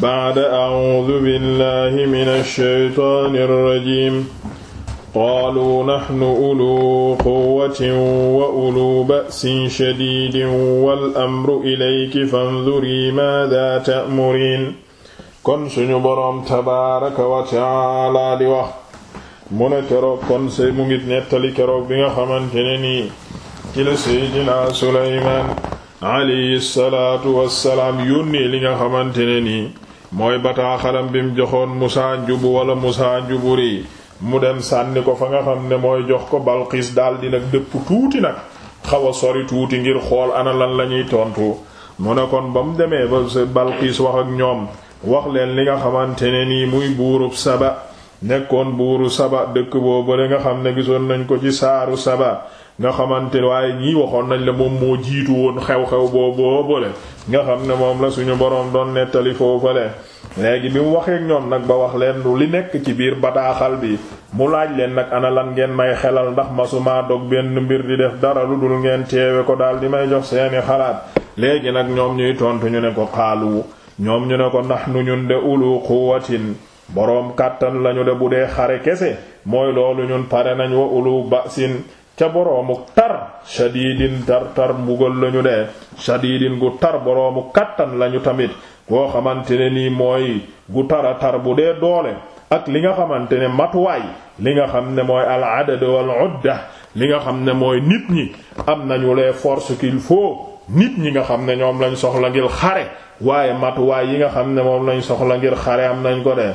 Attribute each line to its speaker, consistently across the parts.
Speaker 1: bacda acuudu billahi min alsheytaan alrajim qaaluu naxnu uluu quwatin wa uluu ba'sin shadiidin wal amru ilayki fandurii maadaa ta'muriin kon suñu boroom tabaaraka wa tacaala di wax mu ne keroog kon say mu ngi nettali keroog bi nga xamante ne nii ci la seydinaa Sulaymaan alayhi salaatu wassalaam yónnee li nga xamante ne nii mooy bataaxalam bi mu joxoon Musaa Njubu wala Musaa Njuburi mu dem sànni ko fa nga xam ne mooy jox ko Balqiis daldi nag dëpp tuuti nag xaw a sori tuuti ngir xool ana lan la ñuy tontu mu ne kon ba mu demee ba Balqiis wax ak ñoom wax leen li nga xamante ne nii muy buurub Saba nekkoon buuru Saba dëkk boobu la nga xam ne gisoon nañ ko ci saaru Saba nga xamante waaye ñii waxoon nañ la moom moo jiitu woon xew-xew boobu boole nga xam ne moom la suñu boroom doon nettali foofale léegi bi mu waxee ñoom nag ba wax leen lu li nekk ci biir bataaxal bi mu laaj leen nag ana lan ngeen may xelal ndax masuma dog benn mbir di def dara lu dul ngeen teewe ko daal di may jox seeni xalaat léegi nag ñoom ñuy tontu ñu ne ko xaalu ñoom ñu ne ko nax nu ñun de ulu quwwatin boroom kàttan lañu de bu dee xare kese mooy loolu ñun pare nañ wa ulu basin ca boroomu tar shadidin tar tar mbugal lañu de shadidin gu tar boroomu kàttan lañu tamit boo xamante ne nii mooy gu tara tar bu dee doole ak li nga xamante ne matuwaay li nga xam ne mooy al adad wal udda li nga xam ne mooy nit ñi am nañu les forces qu'il nit ñi nga xam ne ñoom lañ soxla ngir xare waaye matuwaay yi nga xam ne moom lañ soxla ngir xare am nañ ko de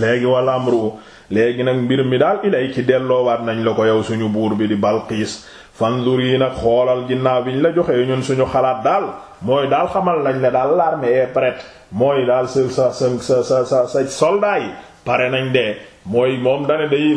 Speaker 1: léegi wala amru léegi nag mbir mi daal ilay ci delloowaat nañ la ko yow suñu buur bi di Balqiis fandur yi nag xoolal ginnaaw bi ñu la joxee ñun suñu xalaat daal mooy daal xamal lañ ne daal l'armée est prête mooy daal sa sa sa sa sa sa yi pare nañ de mooy moom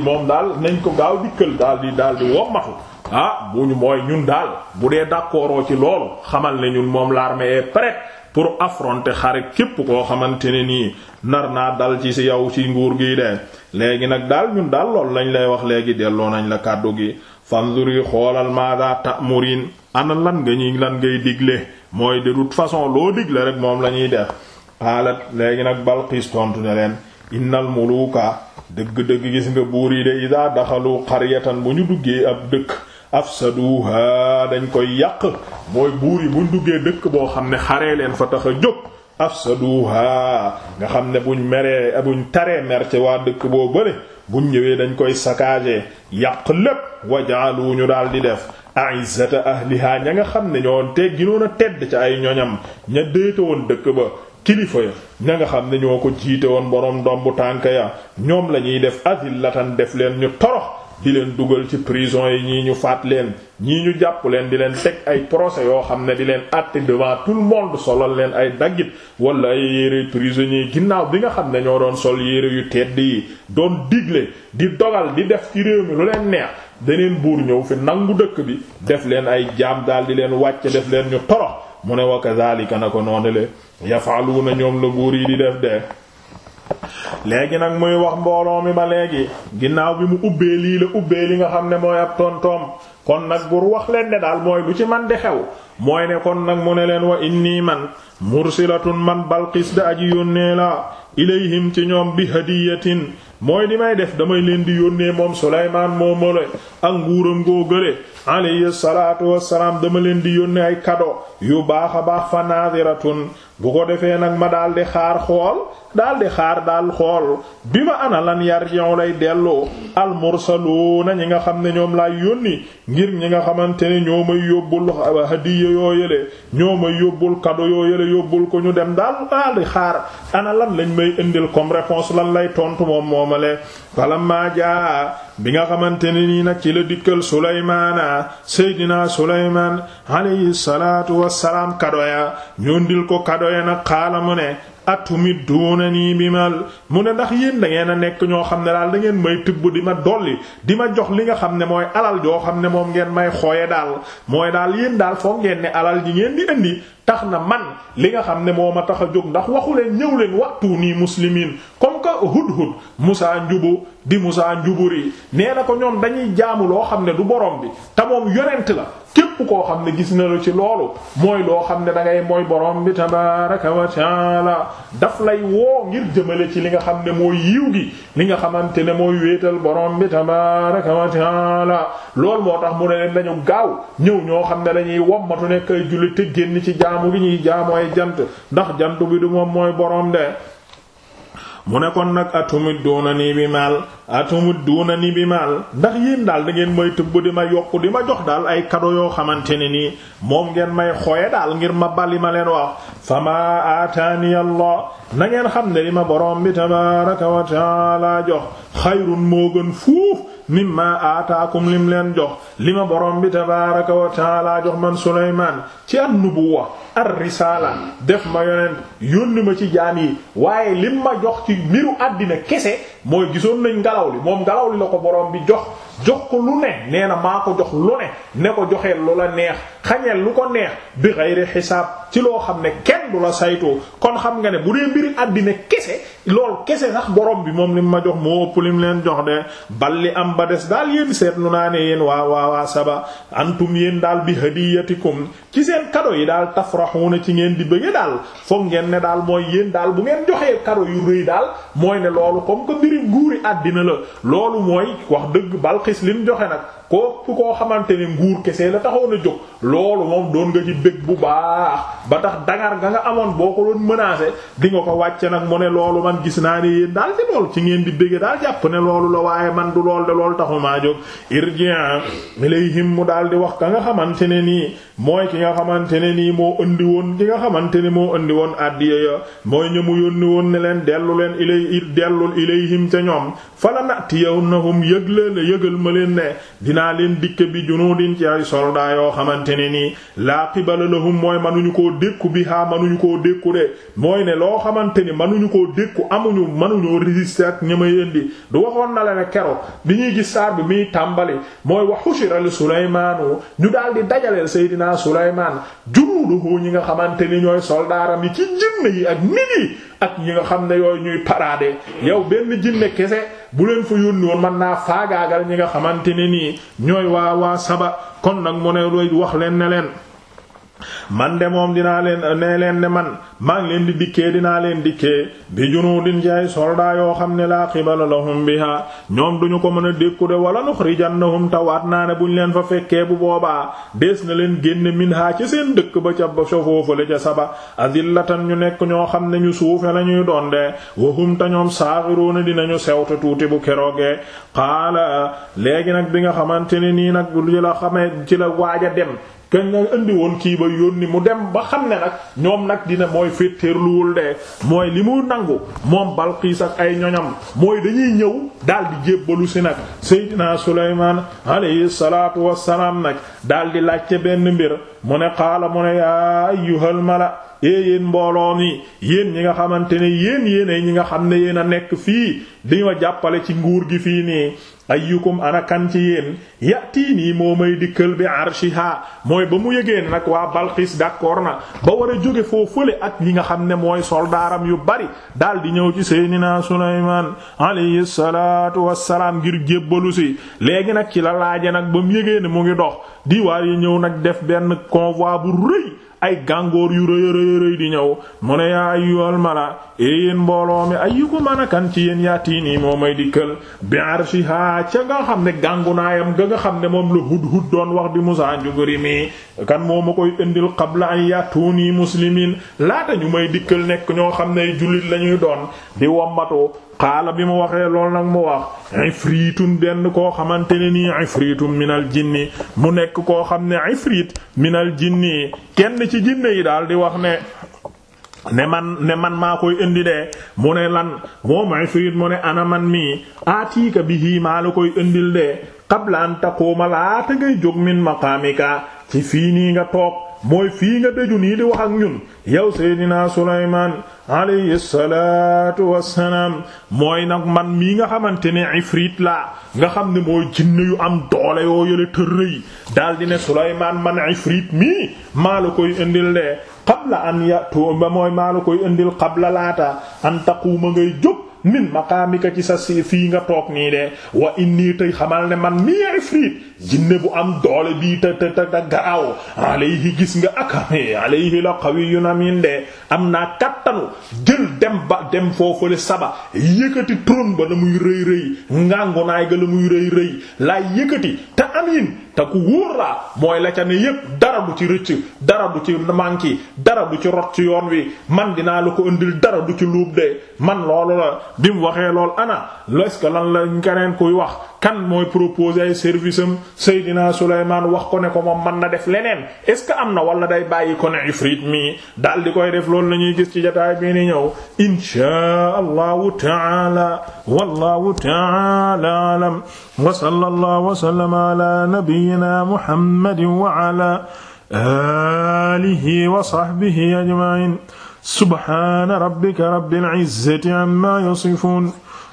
Speaker 1: moom daal nañ ko gaaw dikkal daal di daal di wommatu ah bu ñu mooy ñun daal bu dee d'accord ci loolu xamal ne moom l'armée est prête pour affronter xare képp koo xamante ne nii nar naa dal ci si yow ci nguur gi de. léegi nag daal ñun daal lool lañ lay wax léegi delloo nañ la kàddu gi fanzuri xoolal maada ta'murin ana lan nga ñuy lan ngay digle mooy de toute façon loo digle rek moom la ñuy def xaalat léegi nag Balqiis tontu ne leen innal muluka dëgg-dëgg gis nga buur yi de ida daxalu qaryatan bu ñu duggee ab dëkk afsaduha dañ koy yàq mooy buur yi buñ duggee dëkk boo xam ne xaree leen fa tax a jóg afsaduha nga xam ne buñ meree buñ taree mer waa dëkk boo bële buñ ñëwee dañ koy saccager yàq lépp wu ñu daal di def a'izzata ahliha ña nga xam ne ñoo te ginoon a tedd ca ay ñoñam ña déete woon dëkk ba kilifa ya ña nga xam ne ñoo ko jiite woon boroom dombu tànk ya ñoom la ñuy def azillatan def leen ñu torox di leen dugal ci prison yi ñii ñu faat leen ñii ñu jàpp leen di leen teg ay procès yoo xam ne di leen àtte devant tout le monde solal leen ay daggit wala ay yére prisonniers ginnaaw bi nga xam ne ñoo doon sol yére yu tedd yi doon digle di dogal di def ci réew mi lu leen neex deneen buur ñëw fi nangu dëkk bi def leen ay jaam daal di leen wàcc def leen ñu torox mu ne wa kadhalika na ko noonule na ñoom la buur yi di def de léegi nag muy wax mbooloo mi ba léegi ginnaaw bi mu ubbee lii la ubbee li nga xam ne mooy ab tontoom kon nag bur wax leen ne daal mooy lu ci man di xew mooy ne kon nag mu ne leen wa inni man mursilatun man balqis da aji yónnee la ilayhim ci ñoom bi hadiyatin mooy li may def damay leen di yónnee moom Sulaymaan moomale ak nguuram ngoo gëre alayhi salaatu wassalaam dama leen di yónnee ay kado yu baax a baax fa naadiratun bu ko defee nag ma daal di xaar xool daal di xaar daal xool bi ma ana lan yarji'u lay delloo al mursaluuna ñi nga xam ne ñoom laay yónni ngir ñi nga xamante ne ñoo may yóbbul hadiya yoo yële ñoo may yóbbul kado yoo yële yóbbul ko ñu dem daal xaar ana lan lañ may lay indil comme lan lay tontu moom moomale falamma jaa bi nga xamante ne nii nag ci la dikkal Sulaymaana Seydina Sulaymaan alayhi salaatu wassalaam kadoya ñu ko kadoya nag xaala ne atumidduunanii bi mal mu ne ndax yéen da ngeen a nekk ñoo xam ne daal da ngeen may tibb di ma dolli di ma jox li nga xam ne mooy alal joo xam ne moom ngeen may xooye daal mooy daal yéen daal foog ngeen ne alal ji ngeen di indi tax na man li nga xam ne moo ma tax a jóg ndax waxu leen ñëw leen waxtu nii muslimiin comme que hudhud Musa Njubu di Musa Njuburi nee na ko ñoom dañuy jaamu loo xam ne du borom bi te yonent la. képp koo xam ne gis na la ci loolu mooy loo xam ne da ngay mooy borom bi tabaraka wa taala daf lay woo ngir jëmale ci li nga xam ne mooy yiw gi li nga xamante ne mooy wéetal borom bi tabaraka wa taala loolu moo tax mu ne leen dañu gaaw ñëw ñoo xam ne dañuy wommatu nekk ay julli te génn ci jaamu gi ñuy jaamu jant ndax jant bi du moom mooy borom de mu ne kon nag atumit duuna nii bi maal atumit na nii bi maal ndax yéen daal da ngeen may tëbb di ma yokku di ma jox daal ay kado yoo xamante ne nii moom ngeen may xooye daal ngir ma bali ma leen wax fama aataani allah na ngeen xam ne li ma borom bi tabaaraka wa taala jox xayrun moo gën fuuf mimma aataakum lim leen jox li ma borom bi tabaaraka wa taala jox man Sulaymaan ci an-nubuwwa ar-risaala def ma yonent yónni ma ci jaam yi waaye lim ma jox ci mbiru àddina kese mooy gisoon nañ ngelaw li moom ngelaw li la ko borom bi jox jox ko lu ne nee na maa ko jox lu ne ne ko joxee lu la neex xañeel lu ko neex bi xayri xisaab ci loo xam ne kenn kenn du la saytoo kon xam nga ne bu dee mbiri àddina kese lool kese sax borom bi moom lim ma jox moo ëpp lim leen jox de balli am ba des daal yéen seetlu naa ne yéen waa waa waa saba antum yéen daal bi hadiyatikum ci seen kado yi daal tafraxuuna ci ngeen di bëgge daal foog ngeen ne daal mooy yéen daal bu ngeen joxee kado yu rëy daal mooy ne loolu comme que mbiri nguuri àddina la loolu mooy wax dëgg Balqis lim joxe nag kooku koo xamante ne nguur kese la taxoon a jóg loolu moom doon nga ci bég bu baax ba tax dangar nga nga amoon boo ko doon menacé di nga ko wàcce nag mu ne loolu man gis naa ne yéen daal ci loolu ci ngeen di bëgg daal jàpp ne loolu la waaye man du lool de loolu taxumaa jóg irji'a ilayhim mu daal di wax ka nga xamante ne nii mooy ki nga xamante ne nii moo indi woon ki nga xamante ne moo indi woon addiya ya mooy ñëmu yónni woon ne leen dellu leen ilay dellul ilayhim ca ñoom fala dinaa leen dikke bi junuudin ci ay soldat yoo xamante ne nii laa qibala lahum mooy mënuñu koo dékku bi haa mënuñu koo dékku de mooy ne loo xamante ni mënuñu koo dékku amuñu mënuñoo résister ak ña may indi du waxoon na la ne keroog bi ñuy gis saar bi muy tàmbali mooy wa hushira li Sulaymaanu ñu daal di dajaleel Seydina Sulaymaan junuuduhu ñi nga xamante ni ñooy soldaaram yi ci jinne yi ak nit ak yi nga xam ne yooyu ñuy parade yow benn jinne kese bu leen fa yónni woon man naa faagaagal ñi nga xamante ni nii ñooy waa waa saba kon nag mu ne looy wax leen ne leen man de moom dinaa leen nee leen ne man maa ngi leen di dikkee dinaa leen dikkee bi junuudin ci ay soldat yoo xam ne laa qibala lahum biha ñoom duñu ko mën a dékku de wala nuxrijannahum tawaat naa ne buñ leen fa fekkee bu boobaa dees na leen génne minha ci seen dëkk ba ca ba ca foofale ca saba azillatan ñu nekk ñoo xam ne ñu suufe lañuy doon de wahum ta ñoom saaxiruuna dinañu sewte tuuti bu keroogee xaala léegi nag bi nga xamante ne nii nag ci la xamee ci la waaja dem kañ nga indi woon kii ba yónni mu dem ba xam ne nag ñoom nag dina mooy féeteerluwul de mooy li mu nangu moom Balqiis ak ay ñoñam mooy dañuy ñëw daal di jébbalu si nag Seydina Sulaymaan alayhi salaatu wassalaam nag daal di laajte benn mbir mu ne qaala mu ne yaa ayyuhal mala yéen mbooloo mi yéen ñi nga xamante ne yéen yéen ñi nga xam ne yéen a nekk fii di ma jàppale ci nguur gi fii nii ayyukum ana kan ci yéen yàttii nii moo may dikkal bi arshiha mooy ba mu yëgee nag waa Balqis d'accord na ba war a jóge foofule ak li nga xam ne mooy soldaaram yu bari daal di ñëw ci Seydina Sulaymaan alayhi salaatu wassalaam ngir jébbalu si léegi nag ci la laaje nag ba mu yëgee ne mu ngi dox diwaar yi ñëw nag def benn convoi bu rëy ay gàngoor yu rëy rëy rëy di ñëw mu ne yaa ayyuhal mala e yéen mbooloo mi ayyukum anakan ci yéen yaatii nii moo may dikkal bi arshiha ca nga xam ne gàngunaayam ga nga xam ne moom la hudhud doon wax di Musaa Njugurimi kan moo ma koy indil qabla an yatuni muslimin laata ñu may dikkal nekk ñoo xam ne jullit lañuy doon di wommatu qaala bi mu waxee lool nag mu wax ifritun benn koo xamante ne nii ifritun minal jinni mu nekk koo xam ne ifrit minal jinni kenn ci jinne yi daal di wax ne ne man man maa koy indi de mu ne lan moom ifrit mu ne ana man mii aatiika bihi maa la koy indil de qabla an taquuma laata ngay jóg min maqaamika ci fii nga toog mooy fii nga dëju nii di wax ak ñun yow Seydina Sulaymaan alayhi salaatu wassalaam mooy nag man mii nga xamante ne ifrit laa nga xam ne mooy jinne yu am doole yoo yële tërë yi daldi ne Sulaymaan man ifrit mii maa la koy indil de qabla an yatu ba mooy maa la koy indil qabla laata an taquuma ngay jóg min maqaamika ci sa si fii nga toog nii de wa inni tey xamal ne man mi ifrit jinne bu am doole bii te te te garaaw alayhi gis nga ak alayhi la qawiyyun amin de am naa kattanu jël ba dem foofale saba yëkkati trône ba la muy rëy rëy ngàngunaay ga la muy rëy rëy laay yëkkati te amiin te ku wóor laa mooy la ca ne yépp dara du ci rëcc dara du ci manki dara du ci rot ci yoon wi man dinaa la ko indil dara du ci luub de man loolu la bi mu waxee lool ana est-ce que lan la keneen kuy wax kan mooy proposer ay service am Seydina Souleymane wax ko ne ko moom mën na def leneen est ce que am na wala day bàyyi ko ne Ifrit mi daal di koy def loolu la ñuy gis ci jotaay bii ni ñëw inshaa allahu taala wallahu taala alam wa sallallahu wa sallama ala nabiyyina muhammadin wa ala alihi wa sahbihi ajma'in subhana rabbika rabbil izzati amma yasifun